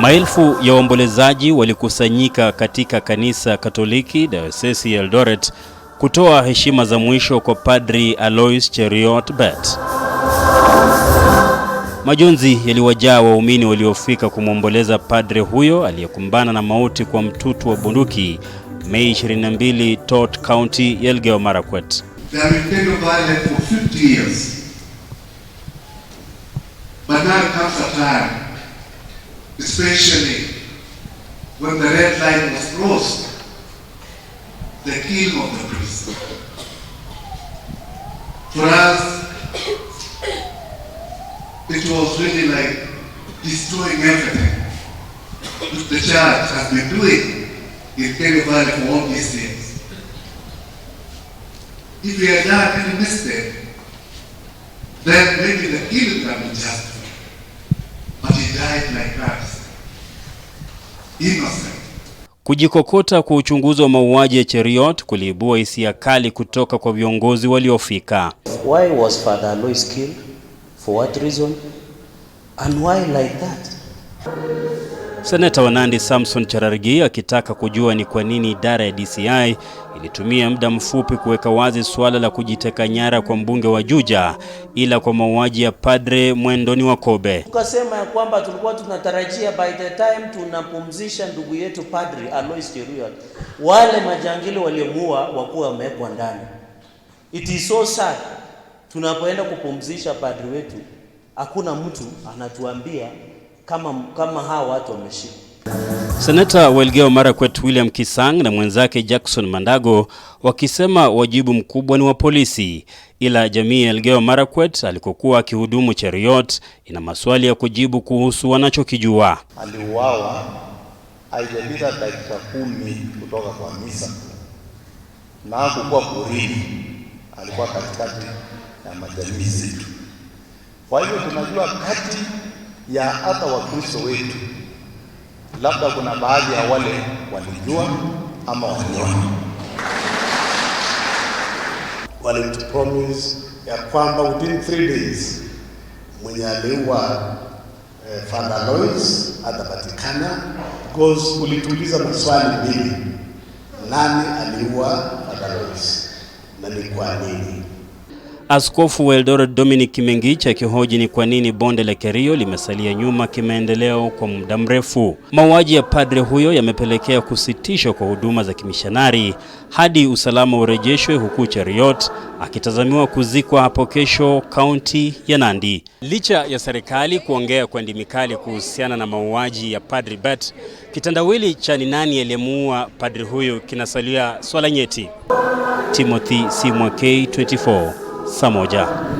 Maelfu ya waombolezaji walikusanyika katika kanisa Katoliki Diocese ya Eldoret kutoa heshima za mwisho kwa Padri Alois Cheriot Bet. Majonzi yaliwajaa waumini waliofika kumwomboleza padre huyo aliyekumbana na mauti kwa mtutu wa bunduki Mei 22, Tot County, Elgeyo Marakwet. especially when the red light was crossed, the kill of the priest. For us, it was really like destroying everything the church has been doing in Kerevali for all these years. If we had done any mistake, then maybe the killing have be justified. But he died like that. innocent. Kujikokota kwa uchunguzi wa mauaji ya Cheriot kuliibua hisia kali kutoka kwa viongozi waliofika. Why was Father Alois killed? For what reason? And why like that? Seneta wa Nandi Samson Chararigi akitaka kujua ni kwa nini idara ya DCI ilitumia muda mfupi kuweka wazi suala la kujiteka nyara kwa mbunge wa Juja, ila kwa mauaji ya Padre Mwendoni wa Kobe. Tukasema ya kwamba tulikuwa tunatarajia by the time tunapumzisha ndugu yetu Padre Alois Cheruiyot, wale majangili waliomuua wakuwa wamewekwa ndani. It is so sad, tunapoenda kupumzisha padre wetu hakuna mtu anatuambia kama, kama hawa watu wameshika. Seneta Welgeo Marakwet William Kisang na mwenzake Jackson Mandago wakisema wajibu mkubwa ni wa polisi, ila jamii ya Elgeyo Marakwet alikokuwa akihudumu Cheriot ina maswali ya kujibu kuhusu wanachokijua. Aliuawa haijapita dakika kumi kutoka kwa misa na hakukuwa kurini, alikuwa katikati ya majamii zetu. Kwa hivyo tunajua kati ya hata Wakristo wetu, labda kuna baadhi ya wale walijua ama waliona, promise ya kwamba within three days mwenye aliua eh, Father Lois atapatikana, because ulituuliza maswali mbili, nani aliua Father Lois na ni kwa nini? Askofu wa Eldoret Dominic Kimengich akihoji ni kwa nini bonde la Kerio limesalia nyuma kimaendeleo kwa muda mrefu. Mauaji ya padre huyo yamepelekea kusitishwa kwa huduma za kimishanari hadi usalama urejeshwe, huku Cheriot akitazamiwa kuzikwa hapo kesho kaunti ya Nandi. Licha ya serikali kuongea kwa ndimi kali kuhusiana na mauaji ya padre Bert, kitandawili cha ni nani aliyemuua padre huyo kinasalia swala nyeti. Timothy Simwa K24. સમોજા